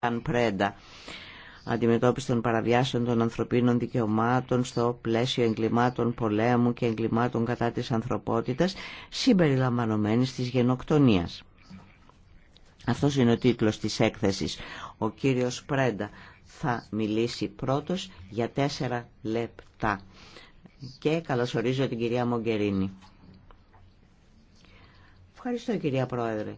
Αν Πρέντα αντιμετώπιση των παραβιάσεων των ανθρωπίνων δικαιωμάτων στο πλαίσιο εγκλημάτων πολέμου και εγκλημάτων κατά της ανθρωπότητας συμπεριλαμβανομένης της γενοκτονίας. Αυτός είναι ο τίτλος της έκθεσης. Ο κύριος Πρέντα θα μιλήσει πρώτος για τέσσερα λεπτά. Και καλωσορίζω την κυρία Μογκερίνη. Ευχαριστώ κυρία Πρόεδρε.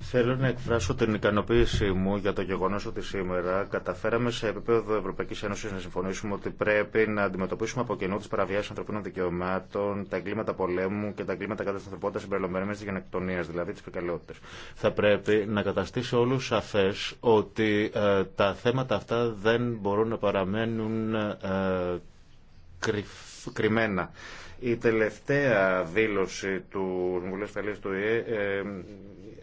Θέλω να εκφράσω την ικανοποίησή μου για το γεγονός ότι σήμερα καταφέραμε σε επίπεδο Ευρωπαϊκής Ένωσης να συμφωνήσουμε ότι πρέπει να αντιμετωπίσουμε από κοινού τις παραβιάσεις ανθρωπίνων δικαιωμάτων, τα εγκλήματα πολέμου και τα εγκλήματα κατά της ανθρωπότητας συμπεριλαμβανομένης της γενεκτονίας, δηλαδή της φεκαλαιότητας. Θα πρέπει να καταστήσει όλους σαφές ότι ε, τα θέματα αυτά δεν μπορούν να παραμένουν ε, κρυμμένα. Η τελευταία δήλωση του Συμβουλίου Ασφαλείας του ΙΕ ε,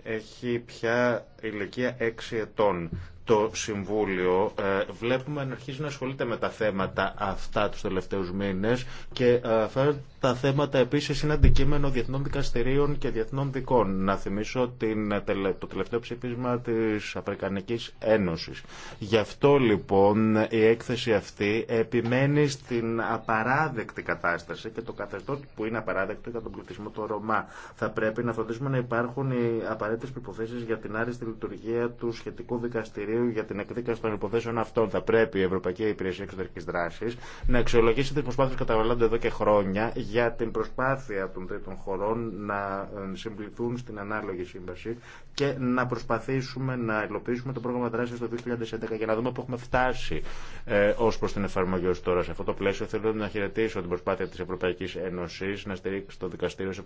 έχει πια ηλικία 6 ετών. Το Συμβούλιο ε, βλέπουμε να αρχίζει να ασχολείται με τα θέματα αυτά τους τελευταίους μήνες και ε, αυτά τα θέματα επίση είναι αντικείμενο διεθνών δικαστηρίων και διεθνών δικών. Να θυμίσω την, το τελευταίο ψήφισμα τη Αφρικανική Ένωση. Γι' αυτό λοιπόν η έκθεση αυτή επιμένει στην απαράδεκτη κατάσταση και το καθεστώ που είναι απαράδεκτο για τον πληθυσμό του Ρωμά. Θα πρέπει να φροντίσουμε να υπάρχουν οι απαραίτητε προποθέσει για την άριστη λειτουργία του σχετικού δικαστηρίου για την εκδίκαση των υποθέσεων αυτών. Θα πρέπει η Ευρωπαϊκή Υπηρεσία Εξωτερική δράση να αξιολογήσει τι προσπάθειε που καταβαλλόνται εδώ και χρόνια για την προσπάθεια των τρίτων χωρών να ε, συμπληθούν στην ανάλογη σύμβαση και να προσπαθήσουμε να υλοποιήσουμε το πρόγραμμα δράσης το 2011 για να δούμε πού έχουμε φτάσει ε, ω προ την εφαρμογή ω τώρα. Σε αυτό το πλαίσιο θέλω να χαιρετήσω την προσπάθεια τη Ευρωπαϊκή Ένωση να στηρίξει το δικαστήριο σε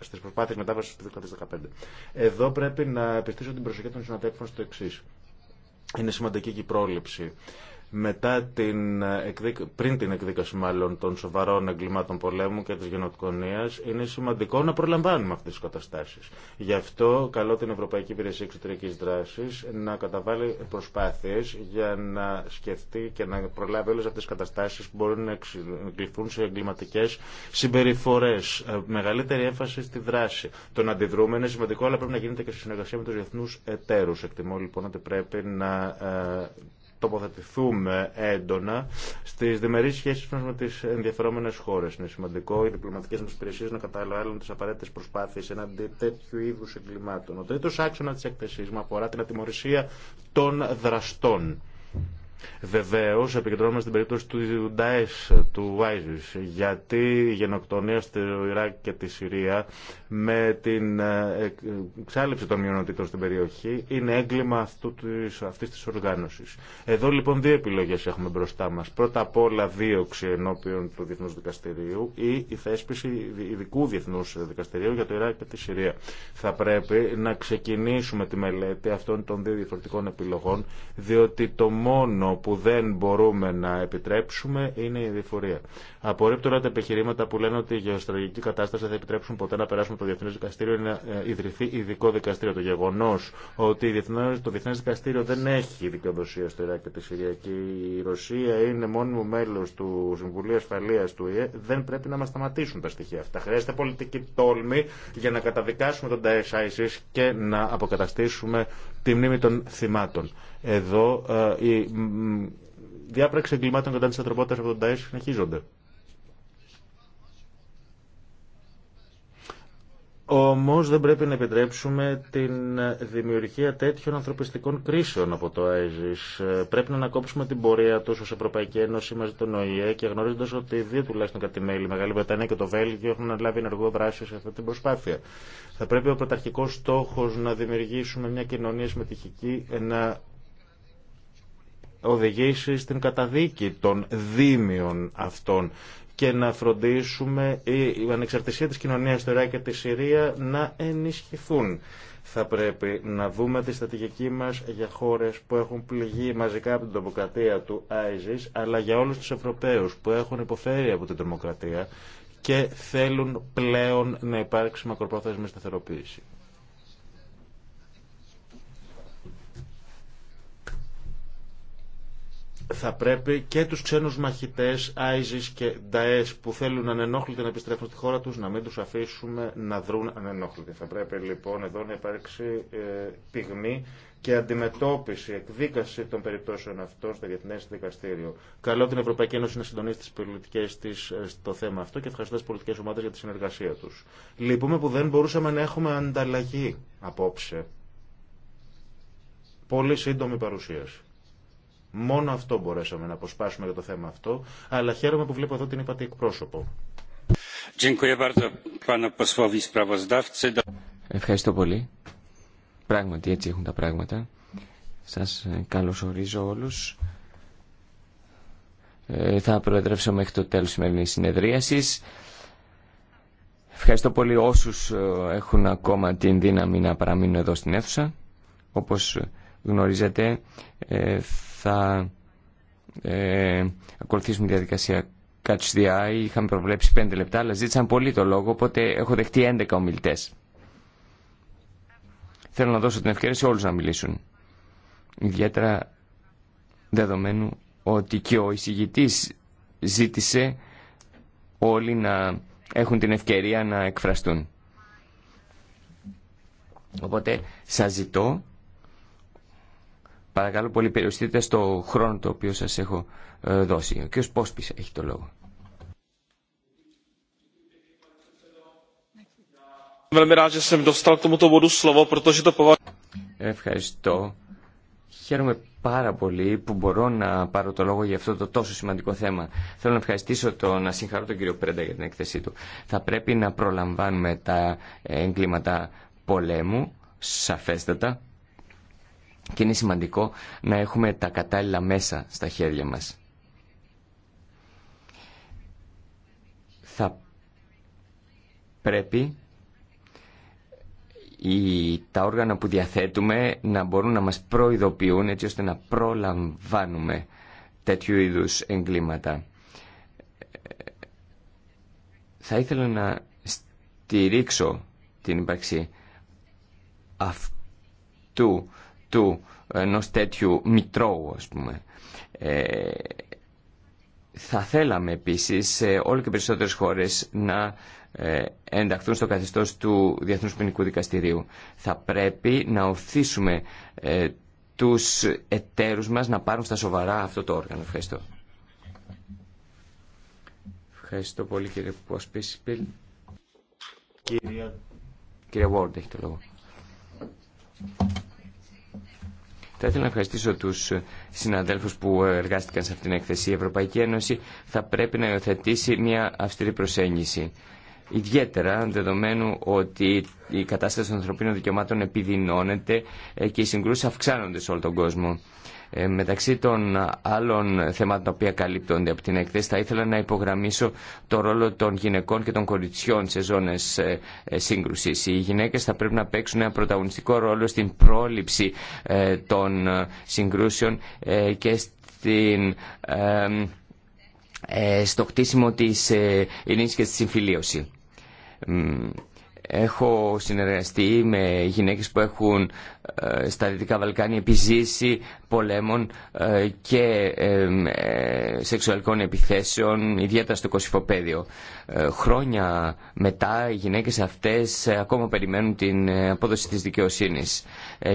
στι προσπάθειε μετάβαση του 2015. Εδώ πρέπει να επιστήσω την προσοχή των συναδέλφων στο εξή. Είναι σημαντική και η πρόληψη μετά την, πριν την εκδίκαση μάλλον των σοβαρών εγκλημάτων πολέμου και της γενοκτονίας είναι σημαντικό να προλαμβάνουμε αυτές τις καταστάσεις. Γι' αυτό καλώ την Ευρωπαϊκή Υπηρεσία Εξωτερικής Δράσης να καταβάλει προσπάθειες για να σκεφτεί και να προλάβει όλες αυτές τις καταστάσεις που μπορούν να εγκληθούν σε εγκληματικές συμπεριφορές. Ε, μεγαλύτερη έμφαση στη δράση. Το να αντιδρούμε είναι σημαντικό αλλά πρέπει να γίνεται και σε συνεργασία με τους διεθνούς εταίρους. Εκτιμώ λοιπόν ότι πρέπει να ε, τοποθετηθούμε έντονα στι διμερεί σχέσει μα με τι ενδιαφερόμενε χώρε. Είναι σημαντικό οι διπλωματικέ μα υπηρεσίε να καταλάβουν τι απαραίτητε προσπάθειε εναντί τέτοιου είδου εγκλημάτων. Ο τρίτο άξονα τη έκθεσή μου αφορά την ατιμορρησία των δραστών. Βεβαίω, επικεντρώνουμε στην περίπτωση του Νταέσ, του Άιζη, γιατί η γενοκτονία στο Ιράκ και τη Συρία με την ε, εξάλληψη των μειονοτήτων στην περιοχή είναι έγκλημα αυτή τη οργάνωση. Εδώ λοιπόν δύο επιλογέ έχουμε μπροστά μα. Πρώτα απ' όλα δίωξη ενώπιον του Διεθνού Δικαστηρίου ή η θέσπιση ειδικού Διεθνού Δικαστηρίου για το Ιράκ και τη Συρία. Θα πρέπει να ξεκινήσουμε τη μελέτη αυτών των δύο διαφορετικών επιλογών, διότι το μόνο μόνο που δεν μπορούμε να επιτρέψουμε είναι η διφορία. Απορρίπτω τα επιχειρήματα που λένε ότι η γεωστρατηγική κατάσταση δεν θα επιτρέψουν ποτέ να περάσουμε το Διεθνέ Δικαστήριο ή να ε, ιδρυθεί ειδικό δικαστήριο. Το γεγονό ότι το Διεθνέ Δικαστήριο δεν έχει δικαιοδοσία στο Ιράκ και τη Συρία η Ρωσία είναι μόνιμο μέλο του Συμβουλίου Ασφαλεία του ΙΕ, δεν πρέπει να μα σταματήσουν τα στοιχεία αυτά. Χρειάζεται πολιτική τόλμη για να καταδικάσουμε τον Daesh ISIS και να αποκαταστήσουμε τη μνήμη των θυμάτων. Εδώ η ε, διάπραξη εγκλημάτων κατά της ανθρωπότητας από τον ΤΑΕΣ συνεχίζονται. Όμω δεν πρέπει να επιτρέψουμε την δημιουργία τέτοιων ανθρωπιστικών κρίσεων από το ΆΕΖΙΣ. Πρέπει να ανακόψουμε την πορεία του ω Ευρωπαϊκή Ένωση μαζί τον ΟΗΕ και γνωρίζοντα ότι οι δύο τουλάχιστον κάτι η Μεγάλη Βρετανία και το Βέλγιο, έχουν αναλάβει ενεργό δράση σε αυτή την προσπάθεια. Θα πρέπει ο πρωταρχικό στόχο να δημιουργήσουμε μια κοινωνία συμμετοχική να οδηγήσει στην καταδίκη των δίμιων αυτών και να φροντίσουμε η ανεξαρτησία της κοινωνίας του Ιράκ και τη Συρία να ενισχυθούν. Θα πρέπει να δούμε τη στρατηγική μας για χώρες που έχουν πληγεί μαζικά από την τρομοκρατία του ISIS, αλλά για όλους τους Ευρωπαίους που έχουν υποφέρει από την τρομοκρατία και θέλουν πλέον να υπάρξει μακροπρόθεσμη σταθεροποίηση. θα πρέπει και τους ξένους μαχητές ISIS και Daesh που θέλουν ανενόχλητοι να επιστρέφουν στη χώρα τους να μην τους αφήσουμε να δρουν ανενόχλητοι. Θα πρέπει λοιπόν εδώ να υπάρξει ε, πυγμή και αντιμετώπιση, εκδίκαση των περιπτώσεων αυτών στο Διεθνέ Δικαστήριο. Καλό την Ευρωπαϊκή Ένωση να συντονίσει τι πολιτικέ τη ε, στο θέμα αυτό και ευχαριστώ τι πολιτικές ομάδες για τη συνεργασία του. Λυπούμε που δεν μπορούσαμε να έχουμε ανταλλαγή απόψε. Πολύ σύντομη παρουσίαση. Μόνο αυτό μπορέσαμε να αποσπάσουμε για το θέμα αυτό, αλλά χαίρομαι που βλέπω εδώ την είπατε εκπρόσωπο. Ευχαριστώ πολύ. Πράγματι έτσι έχουν τα πράγματα. Σας ε, καλωσορίζω όλους. Ε, θα προεδρεύσω μέχρι το τέλος της σημερινής συνεδρίασης. Ευχαριστώ πολύ όσους ε, έχουν ακόμα την δύναμη να παραμείνουν εδώ στην αίθουσα. Όπως γνωρίζετε, ε, θα ε, ακολουθήσουμε τη διαδικασία Catch the Eye. Είχαμε προβλέψει πέντε λεπτά, αλλά ζήτησαν πολύ το λόγο, οπότε έχω δεχτεί 11 ομιλητέ. Θέλω να δώσω την ευκαιρία σε όλου να μιλήσουν. Ιδιαίτερα δεδομένου ότι και ο εισηγητή ζήτησε όλοι να έχουν την ευκαιρία να εκφραστούν. Οπότε σας ζητώ Παρακαλώ πολύ περιοριστείτε στο χρόνο το οποίο σας έχω ε, δώσει. Ο κ. Πόσπης έχει το λόγο. Ευχαριστώ. Χαίρομαι πάρα πολύ που μπορώ να πάρω το λόγο για αυτό το τόσο σημαντικό θέμα. Θέλω να ευχαριστήσω τον, να συγχαρώ τον κύριο Πρέντα για την έκθεσή του. Θα πρέπει να προλαμβάνουμε τα εγκλήματα πολέμου, σαφέστατα, και είναι σημαντικό να έχουμε τα κατάλληλα μέσα στα χέρια μας. Θα πρέπει οι, τα όργανα που διαθέτουμε να μπορούν να μας προειδοποιούν έτσι ώστε να προλαμβάνουμε τέτοιου είδους εγκλήματα. Θα ήθελα να στηρίξω την ύπαρξη αυτού του ενός τέτοιου μητρώου ας πούμε. Ε, θα θέλαμε επίσης όλο και περισσότερες χώρες να ε, ενταχθούν στο καθεστώς του Διεθνούς Ποινικού Δικαστηρίου. Θα πρέπει να οθήσουμε ε, τους εταίρους μας να πάρουν στα σοβαρά αυτό το όργανο. Ευχαριστώ. Ευχαριστώ πολύ κύριε κυρια Κύριε Βόρντ έχει το λόγο. Θα ήθελα να ευχαριστήσω του συναδέλφου που εργάστηκαν σε αυτήν την έκθεση. Η Ευρωπαϊκή Ένωση θα πρέπει να υιοθετήσει μια αυστηρή προσέγγιση. Ιδιαίτερα δεδομένου ότι η κατάσταση των ανθρωπίνων δικαιωμάτων επιδεινώνεται ε, και οι συγκρούσει αυξάνονται σε όλο τον κόσμο. Ε, μεταξύ των άλλων θεμάτων τα οποία καλύπτονται από την έκθεση θα ήθελα να υπογραμμίσω το ρόλο των γυναικών και των κοριτσιών σε ζώνε ε, ε, σύγκρουσης. Οι γυναίκε θα πρέπει να παίξουν ένα πρωταγωνιστικό ρόλο στην πρόληψη ε, των συγκρούσεων και στην στο χτίσιμο της ενίσχυσης και της συμφιλίωσης. Έχω συνεργαστεί με γυναίκες που έχουν ε, στα Δυτικά Βαλκάνια επιζήσει πολέμων ε, και ε, σεξουαλικών επιθέσεων, ιδιαίτερα στο Κωσυφοπαίδιο. Χρόνια μετά οι γυναίκες αυτές ακόμα περιμένουν την απόδοση της δικαιοσύνης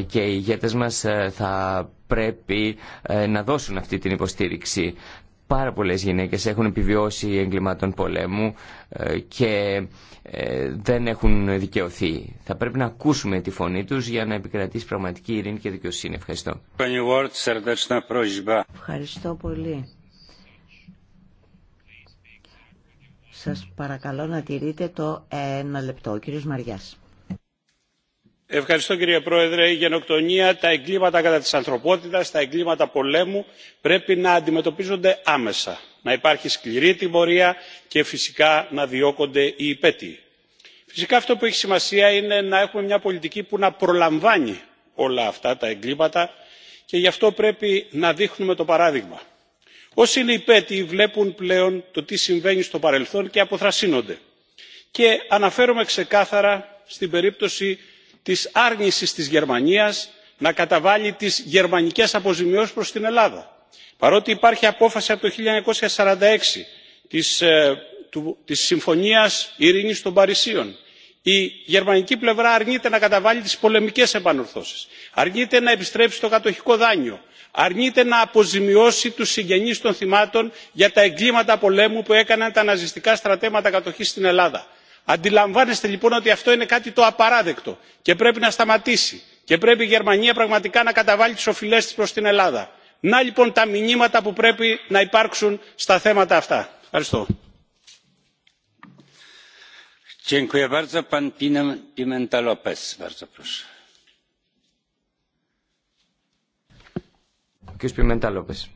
και οι ηγέτες μας θα πρέπει να δώσουν αυτή την υποστήριξη πάρα πολλές γυναίκες έχουν επιβιώσει εγκλημάτων πολέμου ε, και ε, δεν έχουν δικαιωθεί. Θα πρέπει να ακούσουμε τη φωνή τους για να επικρατήσει πραγματική ειρήνη και δικαιοσύνη. Ευχαριστώ. Ευχαριστώ πολύ. Σας παρακαλώ να τηρείτε το ένα λεπτό. Ο κύριος Μαριάς. Ευχαριστώ κύριε Πρόεδρε. Η γενοκτονία, τα εγκλήματα κατά της ανθρωπότητας, τα εγκλήματα πολέμου πρέπει να αντιμετωπίζονται άμεσα. Να υπάρχει σκληρή τιμωρία και φυσικά να διώκονται οι υπέτειοι. Φυσικά αυτό που έχει σημασία είναι να έχουμε μια πολιτική που να προλαμβάνει όλα αυτά τα εγκλήματα και γι' αυτό πρέπει να δείχνουμε το παράδειγμα. Όσοι είναι υπέτειοι βλέπουν πλέον το τι συμβαίνει στο παρελθόν και αποθρασύνονται. Και αναφέρομαι ξεκάθαρα στην περίπτωση της άρνησης της Γερμανίας να καταβάλει τις γερμανικές αποζημιώσεις προς την Ελλάδα. Παρότι υπάρχει απόφαση από το 1946 ε, της, Συμφωνίας Ειρήνης των Παρισίων, η γερμανική πλευρά αρνείται να καταβάλει τις πολεμικές επανορθώσεις, αρνείται να επιστρέψει το κατοχικό δάνειο, αρνείται να αποζημιώσει τους συγγενείς των θυμάτων για τα εγκλήματα πολέμου που έκαναν τα ναζιστικά στρατεύματα κατοχής στην Ελλάδα αντιλαμβάνεστε λοιπόν ότι αυτό είναι κάτι το απαράδεκτο και πρέπει να σταματήσει και πρέπει η γερμανία πραγματικά να καταβάλει τις οφειλές της προς την ελλάδα. να λοιπόν τα μηνύματα που πρέπει να υπάρξουν στα θέματα αυτά. ευχαριστώ. Πιμέντα Λόπες.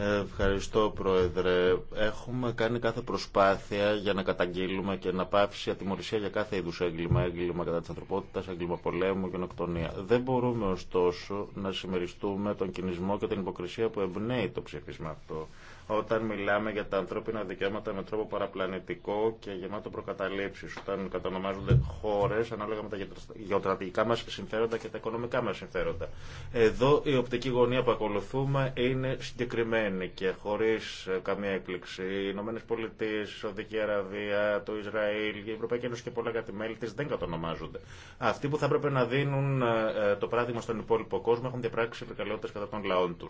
Ευχαριστώ Πρόεδρε. Έχουμε κάνει κάθε προσπάθεια για να καταγγείλουμε και να πάψει ατιμορρησία για κάθε είδου έγκλημα, έγκλημα κατά τη ανθρωπότητα, έγκλημα πολέμου, γενοκτονία. Δεν μπορούμε ωστόσο να συμμεριστούμε τον κινησμό και την υποκρισία που εμπνέει το ψήφισμα αυτό όταν μιλάμε για τα ανθρώπινα δικαιώματα με τρόπο παραπλανητικό και γεμάτο προκαταλήψει όταν κατανομάζονται χώρες ανάλογα με τα γεωτρατηγικά μας συμφέροντα και τα οικονομικά μας συμφέροντα. Εδώ η οπτική γωνία που ακολουθούμε είναι συγκεκριμένη και χωρίς ε, καμία έκπληξη. Οι Ηνωμένες Πολιτείες, η Σοδική Αραβία, το Ισραήλ, η Ευρωπαϊκή Ένωση και πολλά μέλη της δεν κατανομάζονται. Αυτοί που θα έπρεπε να δίνουν ε, ε, το παράδειγμα στον υπόλοιπο κόσμο έχουν διαπράξει επικαλότητες κατά των λαών του.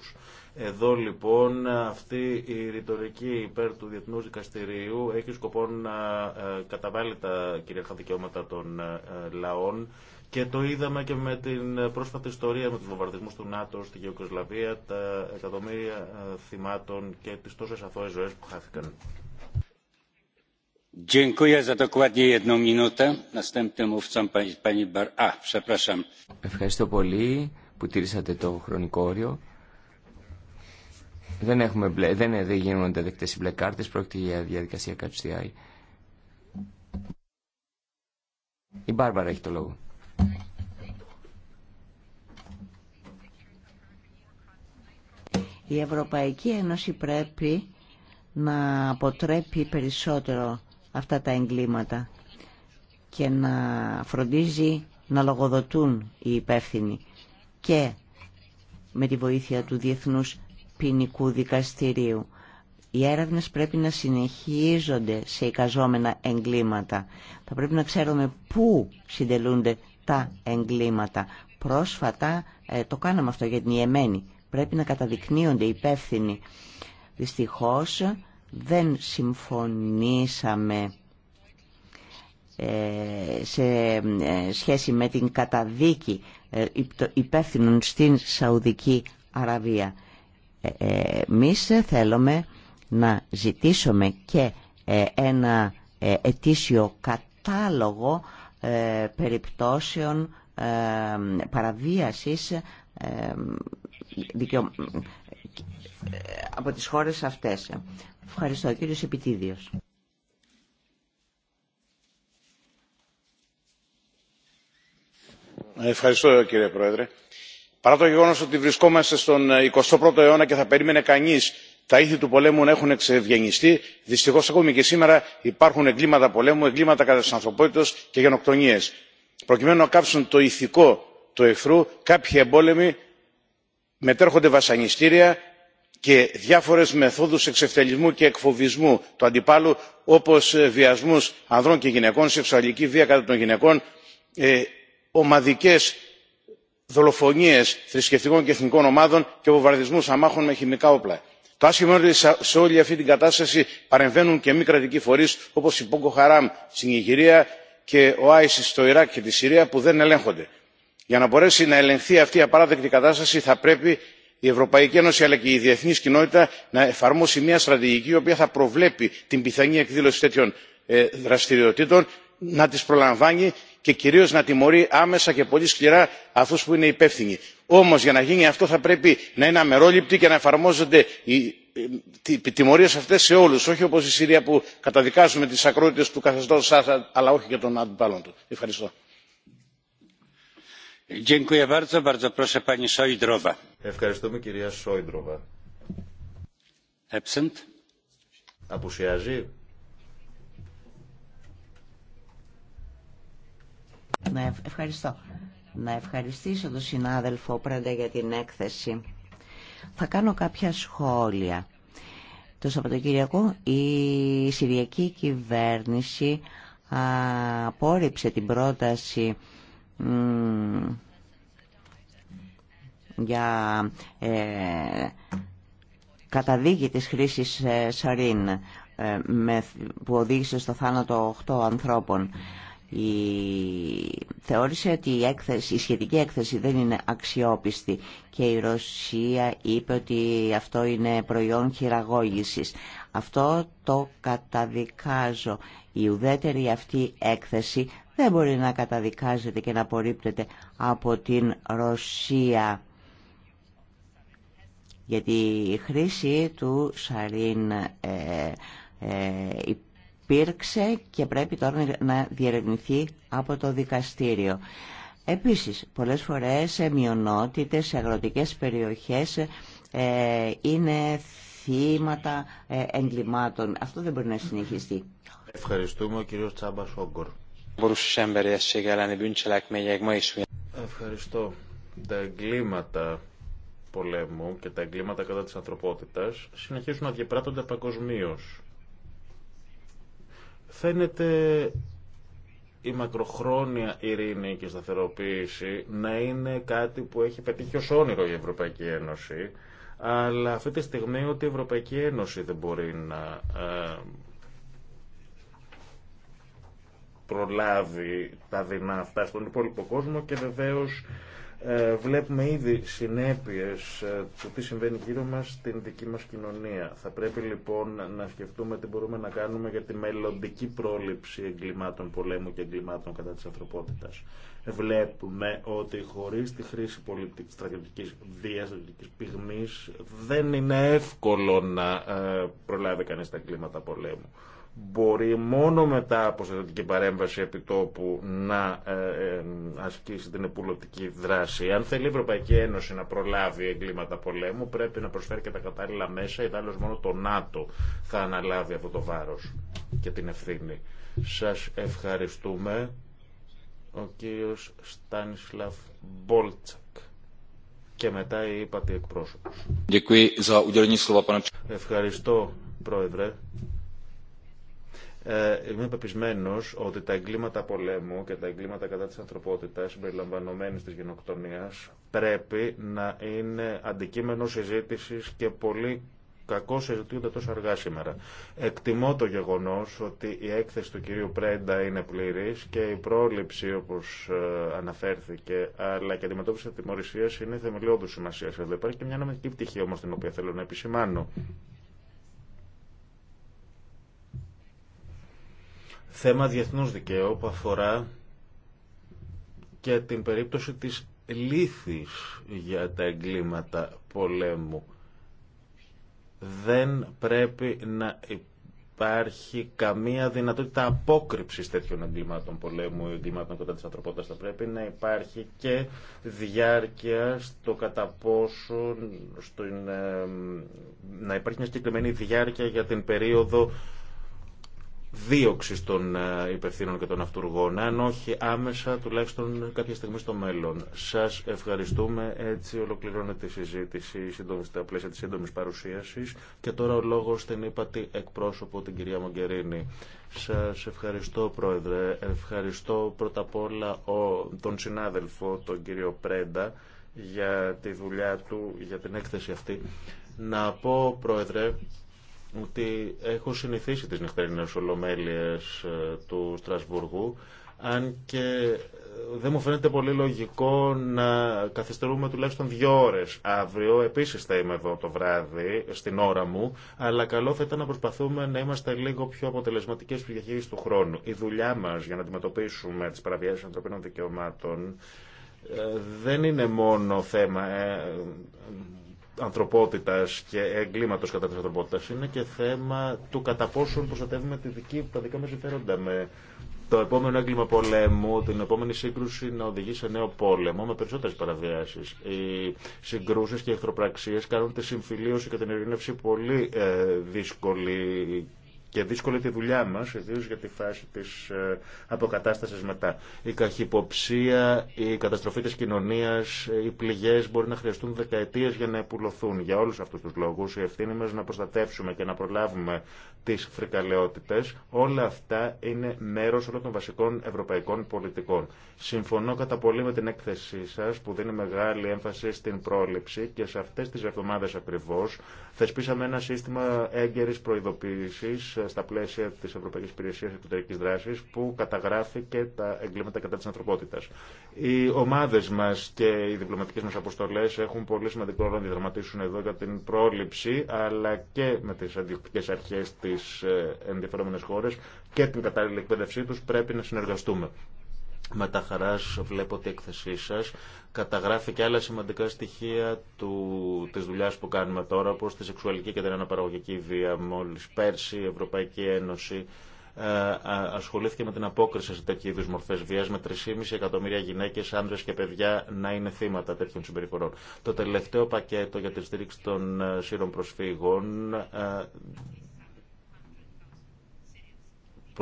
Εδώ λοιπόν αυτή η ρητορική υπέρ του Διεθνούς Δικαστηρίου έχει σκοπό να ε, καταβάλει τα κυριαρχά δικαιώματα των ε, λαών και το είδαμε και με την πρόσφατη ιστορία με τους βομβαρδισμούς του ΝΑΤΟ στη Γεωκοσλαβία, τα εκατομμύρια ε, θυμάτων και τις τόσες αθώες ζωές που χάθηκαν. Ευχαριστώ πολύ που τήρησατε το χρονικό όριο. Δεν, έχουμε δεν, δεν γίνονται δεκτέ οι μπλε κάρτε, πρόκειται για διαδικασία Η Μπάρμπαρα έχει το λόγο. Η Ευρωπαϊκή Ένωση πρέπει να αποτρέπει περισσότερο αυτά τα εγκλήματα και να φροντίζει να λογοδοτούν οι υπεύθυνοι και με τη βοήθεια του διεθνούς ποινικού δικαστηρίου. Οι έρευνες πρέπει να συνεχίζονται σε εικαζόμενα εγκλήματα. Θα πρέπει να ξέρουμε πού συντελούνται τα εγκλήματα. Πρόσφατα ε, το κάναμε αυτό για την Ιεμένη. Πρέπει να καταδεικνύονται υπεύθυνοι. Δυστυχώς δεν συμφωνήσαμε ε, σε ε, σχέση με την καταδίκη υπεύθυνων στην Σαουδική Αραβία. Ε, ε, εμείς θέλουμε να ζητήσουμε και ε, ένα ετήσιο κατάλογο περιπτώσεων παραβίασης από τις χώρες αυτές. Ευχαριστώ. κύριο Επιτίδιος. Ευχαριστώ κύριε Πρόεδρε παρά το γεγονό ότι βρισκόμαστε στον 21ο ε, αιώνα και θα περίμενε κανεί τα ήθη του πολέμου να έχουν εξευγενιστεί δυστυχώ ακόμη και σήμερα υπάρχουν εγκλήματα πολέμου εγκλήματα κατά τη ανθρωπότητα και γενοκτονίε. προκειμένου να κάψουν το ηθικό του εχθρού κάποιοι εμπόλεμοι μετέρχονται βασανιστήρια και διάφορε μεθόδου εξευτελισμού και εκφοβισμού του αντιπάλου όπω ε, βιασμού ανδρών και γυναικών σεξουαλική βία κατά των γυναικών ε, ομαδικέ δολοφονίες θρησκευτικών και εθνικών ομάδων και βομβαρδισμούς αμάχων με χημικά όπλα. το άσχημο είναι ότι σε όλη αυτή την κατάσταση παρεμβαίνουν και μη κρατικοί φορείς όπως η Boko χαράμ στην Ιγυρία και ο Άισι στο ιράκ και τη συρία που δεν ελέγχονται. για να μπορέσει να ελεγχθεί αυτή η απαράδεκτη κατάσταση θα πρέπει η ευρωπαϊκή ένωση αλλά και η διεθνή κοινότητα να εφαρμόσει μια στρατηγική η οποία θα προβλέπει την πιθανή εκδήλωση τέτοιων ε, δραστηριοτήτων να τις προλαμβάνει και κυρίω να τιμωρεί άμεσα και πολύ σκληρά αυτού που είναι υπεύθυνοι. όμω για να γίνει αυτό θα πρέπει να είναι αμερόληπτοι και να εφαρμόζονται οι ε, τιμωρίε αυτέ σε όλου όχι όπω η συρία που καταδικάζουμε τι ακρότητε του καθεστώτος Σάσα, αλλά όχι και των αντιπάλων του. ευχαριστώ. Ευχαριστούμε κυρία Σόιντροβα. να ευχαριστώ. Να ευχαριστήσω τον συνάδελφο Πρέντα για την έκθεση. Θα κάνω κάποια σχόλια. Το Σαββατοκυριακό η Συριακή κυβέρνηση απόρριψε την πρόταση για ε, καταδίκη της χρήσης ε, σαρίν ε, που οδήγησε στο θάνατο 8 ανθρώπων η... θεώρησε ότι η, έκθεση, η σχετική έκθεση δεν είναι αξιόπιστη και η Ρωσία είπε ότι αυτό είναι προϊόν χειραγώγησης. Αυτό το καταδικάζω. Η ουδέτερη αυτή έκθεση δεν μπορεί να καταδικάζεται και να απορρίπτεται από την Ρωσία. Γιατί η χρήση του Σαρίν ε, ε υπήρξε και πρέπει τώρα να διερευνηθεί από το δικαστήριο. Επίσης, πολλές φορές σε μειονότητες, σε αγροτικές περιοχές ε, είναι θύματα ε, εγκλημάτων. Αυτό δεν μπορεί να συνεχιστεί. Ευχαριστούμε ο κύριος Τσάμπας Όγκορ. Ευχαριστώ. Τα εγκλήματα πολέμου και τα εγκλήματα κατά της ανθρωπότητας συνεχίζουν να διαπράττονται παγκοσμίω Φαίνεται η μακροχρόνια ειρήνη και σταθεροποίηση να είναι κάτι που έχει πετύχει ως όνειρο η Ευρωπαϊκή Ένωση, αλλά αυτή τη στιγμή ότι η Ευρωπαϊκή Ένωση δεν μπορεί να ε, προλάβει τα δεινά αυτά στον υπόλοιπο κόσμο και βεβαίως ε, βλέπουμε ήδη συνέπειες ε, του τι συμβαίνει γύρω μας στην δική μας κοινωνία. Θα πρέπει λοιπόν να σκεφτούμε τι μπορούμε να κάνουμε για τη μελλοντική πρόληψη εγκλημάτων πολέμου και εγκλημάτων κατά της ανθρωπότητας. Βλέπουμε ότι χωρίς τη χρήση πολιτικής, στρατιωτικής βίας, στρατιωτικής πυγμής δεν είναι εύκολο να ε, προλάβει κανείς τα εγκλήματα πολέμου μπορεί μόνο μετά από στρατιωτική παρέμβαση επιτόπου να ε, ε, ασκήσει την επουλωτική δράση. Αν θέλει η Ευρωπαϊκή Ένωση να προλάβει εγκλήματα πολέμου, πρέπει να προσφέρει και τα κατάλληλα μέσα, Η ιδάλλως μόνο το ΝΑΤΟ θα αναλάβει αυτό το βάρος και την ευθύνη. Σας ευχαριστούμε. Ο κύριος Στάνισλαφ Μπόλτσακ και μετά η ΥΠΑΤΗ εκπρόσωπος. Ευχαριστώ, Πρόεδρε. Ε, είμαι πεπισμένο ότι τα εγκλήματα πολέμου και τα εγκλήματα κατά τη ανθρωπότητα, συμπεριλαμβανομένη τη γενοκτονία, πρέπει να είναι αντικείμενο συζήτηση και πολύ κακό συζητούνται τόσο αργά σήμερα. Εκτιμώ το γεγονό ότι η έκθεση του κυρίου Πρέντα είναι πλήρη και η πρόληψη, όπω ε, αναφέρθηκε, αλλά και η αντιμετώπιση τη είναι θεμελιώδου σημασία. Εδώ υπάρχει και μια νομική πτυχή όμω την οποία θέλω να επισημάνω. θέμα διεθνούς δικαίου που αφορά και την περίπτωση της λύθης για τα εγκλήματα πολέμου. Δεν πρέπει να υπάρχει καμία δυνατότητα απόκρυψης τέτοιων εγκλημάτων πολέμου ή εγκλημάτων κοντά της ανθρωπότητας. Θα πρέπει να υπάρχει και διάρκεια στο κατά πόσο, στο, ε, να υπάρχει μια συγκεκριμένη διάρκεια για την περίοδο δίωξη των ε, υπευθύνων και των αυτούργων, αν όχι άμεσα, τουλάχιστον κάποια στιγμή στο μέλλον. Σα ευχαριστούμε. Έτσι ολοκληρώνεται η συζήτηση στα πλαίσια τη σύντομη παρουσίαση και τώρα ο λόγος στην ύπατη εκπρόσωπο την κυρία Μογκερίνη. Σα ευχαριστώ Πρόεδρε. Ευχαριστώ πρώτα απ' όλα τον συνάδελφο, τον κύριο Πρέντα, για τη δουλειά του, για την έκθεση αυτή. Να πω, Πρόεδρε, ότι έχω συνηθίσει τις νυχτερινές ολομέλειες ε, του Στρασβουργού αν και ε, δεν μου φαίνεται πολύ λογικό να καθυστερούμε τουλάχιστον δύο ώρες αύριο. Επίσης θα είμαι εδώ το βράδυ, στην ώρα μου, αλλά καλό θα ήταν να προσπαθούμε να είμαστε λίγο πιο αποτελεσματικές στη διαχείριση του χρόνου. Η δουλειά μας για να αντιμετωπίσουμε τις παραβιάσεις ανθρωπίνων δικαιωμάτων ε, δεν είναι μόνο θέμα ανθρωπότητα και εγκλήματο κατά της ανθρωπότητας. Είναι και θέμα του κατά πόσον προστατεύουμε τη δική, τα δικά μας συμφέροντα με το επόμενο έγκλημα πολέμου, την επόμενη σύγκρουση να οδηγεί σε νέο πόλεμο με περισσότερε παραβιάσει. Οι συγκρούσει και οι εχθροπραξίε κάνουν τη συμφιλίωση και την ειρήνευση πολύ ε, δύσκολη και δύσκολη τη δουλειά μας, ιδίω για τη φάση της ε, αποκατάστασης μετά. Η καχυποψία, η καταστροφή της κοινωνίας, ε, οι πληγές μπορεί να χρειαστούν δεκαετίες για να επουλωθούν. Για όλους αυτούς τους λόγους η ευθύνη μα να προστατεύσουμε και να προλάβουμε τις φρικαλαιότητε, όλα αυτά είναι μέρος όλων των βασικών ευρωπαϊκών πολιτικών. Συμφωνώ κατά πολύ με την έκθεσή σα, που δίνει μεγάλη έμφαση στην πρόληψη και σε αυτέ τι εβδομάδε ακριβώ. Θεσπίσαμε ένα σύστημα έγκαιρη προειδοποίηση στα πλαίσια τη Ευρωπαϊκή Υπηρεσία Εξωτερική Δράση που καταγράφει και τα εγκλήματα κατά τη ανθρωπότητα. Οι ομάδε μα και οι διπλωματικέ μα αποστολέ έχουν πολύ σημαντικό ρόλο να διαδραματίσουν εδώ για την πρόληψη αλλά και με τι αντιληπτικέ αρχέ τη ε, ενδιαφερόμενε χώρε και την κατάλληλη εκπαίδευσή του πρέπει να συνεργαστούμε. Με τα χαράς βλέπω ότι η εκθεσή σας καταγράφει και άλλα σημαντικά στοιχεία του, της δουλειάς που κάνουμε τώρα, όπως τη σεξουαλική και την αναπαραγωγική βία. Μόλις πέρσι η Ευρωπαϊκή Ένωση ε, ασχολήθηκε με την απόκριση σε τέτοιου είδου μορφέ βία, με 3,5 εκατομμύρια γυναίκε, άντρε και παιδιά να είναι θύματα τέτοιων συμπεριφορών. Το τελευταίο πακέτο για τη στήριξη των ε, σύρων προσφύγων ε,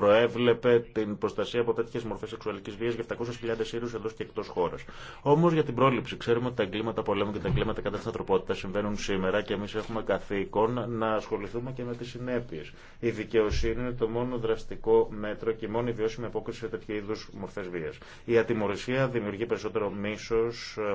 προέβλεπε την προστασία από τέτοιε μορφέ σεξουαλική βία για 700.000 Σύρου εντό και εκτό χώρα. Όμω για την πρόληψη ξέρουμε ότι τα εγκλήματα πολέμου και τα εγκλήματα κατά την ανθρωπότητα συμβαίνουν σήμερα και εμεί έχουμε καθήκον να ασχοληθούμε και με τι συνέπειε. Η δικαιοσύνη είναι το μόνο δραστικό μέτρο και η μόνη βιώσιμη απόκριση σε τέτοιου είδου μορφέ βία. Η ατιμορρησία δημιουργεί περισσότερο μίσο,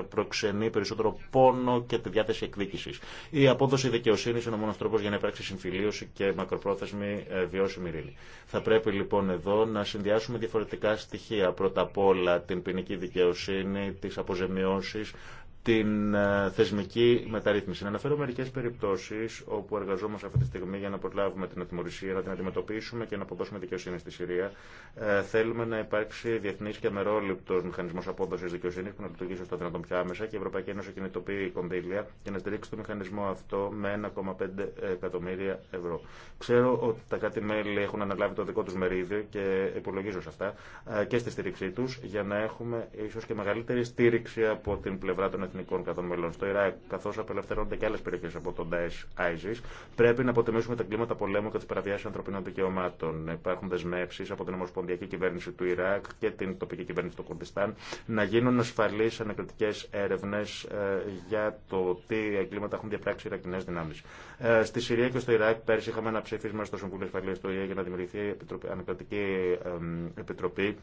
προξενεί περισσότερο πόνο και τη διάθεση εκδίκηση. Η απόδοση δικαιοσύνη είναι ο μόνο τρόπο για να υπάρξει συμφιλίωση και μακροπρόθεσμη ε, βιώσιμη ειρήνη. Θα πρέπει λοιπόν εδώ να συνδυάσουμε διαφορετικά στοιχεία. Πρώτα απ' όλα την ποινική δικαιοσύνη, τις αποζημιώσεις, την ε, θεσμική μεταρρύθμιση. Να αναφέρω μερικέ περιπτώσει όπου εργαζόμαστε αυτή τη στιγμή για να προλάβουμε την ατιμορρυσία, να την αντιμετωπίσουμε και να αποδώσουμε δικαιοσύνη στη Συρία. Ε, θέλουμε να υπάρξει διεθνή και αμερόληπτο μηχανισμό απόδοση δικαιοσύνη που να λειτουργήσει το δυνατόν πιο άμεσα και η Ευρωπαϊκή Ένωση κινητοποιεί κονδύλια για να στηρίξει το μηχανισμό αυτό με 1,5 εκατομμύρια ευρώ. Ξέρω ότι τα κάτι μέλη έχουν αναλάβει το δικό του μερίδιο και υπολογίζω σε αυτά ε, και στη στήριξή του για να έχουμε ίσω και μεγαλύτερη στήριξη από την πλευρά των εθνικών κρατών στο Ιράκ, καθώ απελευθερώνονται και άλλε περιοχέ από τον Ντάεσ Άιζη, πρέπει να αποτιμήσουμε τα κλίματα πολέμου και τι παραβιάσει ανθρωπίνων δικαιωμάτων. Υπάρχουν δεσμεύσει από την Ομοσπονδιακή Κυβέρνηση του Ιράκ και την τοπική κυβέρνηση του Κουρδιστάν να γίνουν ασφαλεί ανακριτικέ έρευνε ε, για το τι εγκλήματα έχουν διαπράξει οι Ιρακινέ δυνάμει. Ε, στη Συρία και στο Ιράκ πέρσι είχαμε ένα ψήφισμα στο Συμβούλιο Ασφαλεία του ΙΕ για να δημιουργηθεί επιτροπή, επιτροπή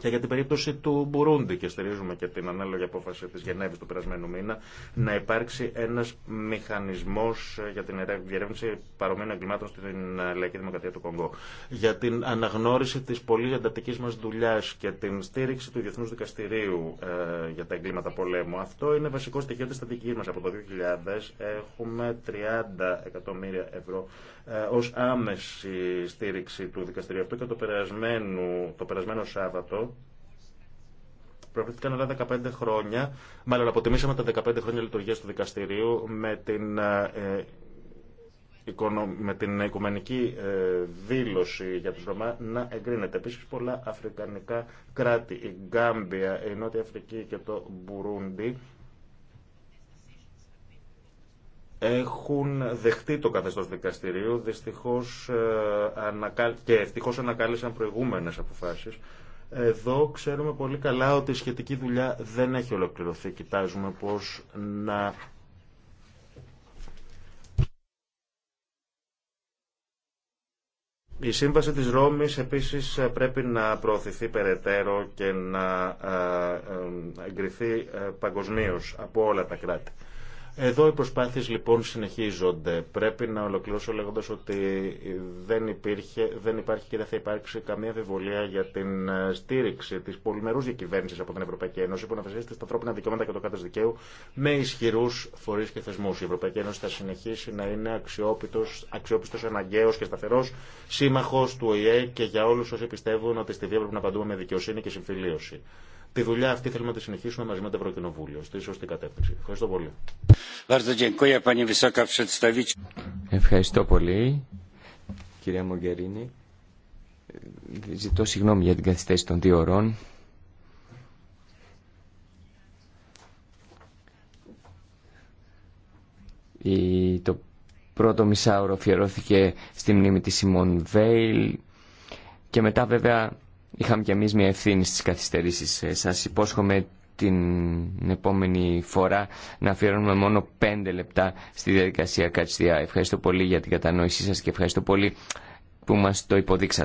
και για την περίπτωση του Μπουρούντι και στηρίζουμε και την ανάλογη απόφαση της Γενέβη του περασμένου μήνα να υπάρξει ένας μηχανισμός ε, για την διερεύνηση παρομοίων εγκλημάτων στην ε, Λαϊκή Δημοκρατία του Κονγκό για την αναγνώριση της πολύ εντατικής μας δουλειάς και την στήριξη του διεθνού Δικαστηρίου ε, για τα εγκλήματα πολέμου. Αυτό είναι βασικό στοιχείο της στρατηγικής μας. Από το 2000 έχουμε 30 εκατομμύρια ευρώ ως άμεση στήριξη του δικαστηρίου αυτού και το, περασμένο, το περασμένο Σάββατο προβλήθηκαν 15 χρόνια. Μάλλον αποτιμήσαμε τα 15 χρόνια λειτουργίας του δικαστηρίου με την, ε, με την οικουμενική ε, δήλωση για τους Ρωμά να εγκρίνεται. Επίσης πολλά αφρικανικά κράτη, η Γκάμπια, η Νότια Αφρική και το Μπουρούντι έχουν δεχτεί το καθεστώς δικαστηρίου δυστυχώς ε, και ευτυχώς ανακάλυψαν προηγούμενες αποφάσεις εδώ ξέρουμε πολύ καλά ότι η σχετική δουλειά δεν έχει ολοκληρωθεί. Κοιτάζουμε πώς να Η σύμβαση της Ρώμης επίσης πρέπει να προωθηθεί περαιτέρω και να ε, ε, εγκριθεί ε, παγκοσμίως από όλα τα κράτη. Εδώ οι προσπάθειες λοιπόν συνεχίζονται. Πρέπει να ολοκληρώσω λέγοντας ότι δεν, υπήρχε, δεν υπάρχει και δεν θα υπάρξει καμία αμφιβολία για την ε, στήριξη της πολυμερούς διακυβέρνησης από την Ευρωπαϊκή Ένωση που να στα ανθρώπινα δικαιώματα και το κάτω δικαίου με ισχυρούς φορείς και θεσμούς. Η Ευρωπαϊκή Ένωση θα συνεχίσει να είναι αξιόπιτος, αξιόπιστος, αναγκαίος και σταθερός σύμμαχος του ΟΗΕ και για όλους όσοι πιστεύουν ότι στη βία πρέπει να απαντούμε με δικαιοσύνη και συμφιλίωση. Τη δουλειά αυτή θέλουμε να τη συνεχίσουμε μαζί με το Ευρωκοινοβούλιο, στη σωστή κατεύθυνση. Ευχαριστώ πολύ. Ευχαριστώ πολύ, κυρία Μογκερίνη. Ζητώ συγγνώμη για την καθυστέρηση των δύο ωρών. Το πρώτο μισάωρο αφιερώθηκε στη μνήμη της Σιμών Βέιλ και μετά βέβαια είχαμε κι εμείς μια ευθύνη στις καθυστερήσεις. Ε, σας υπόσχομαι την επόμενη φορά να αφιερώνουμε μόνο πέντε λεπτά στη διαδικασία ΚΑΤΣΤΙΑ. Ευχαριστώ πολύ για την κατανόησή σας και ευχαριστώ πολύ που μας το υποδείξατε.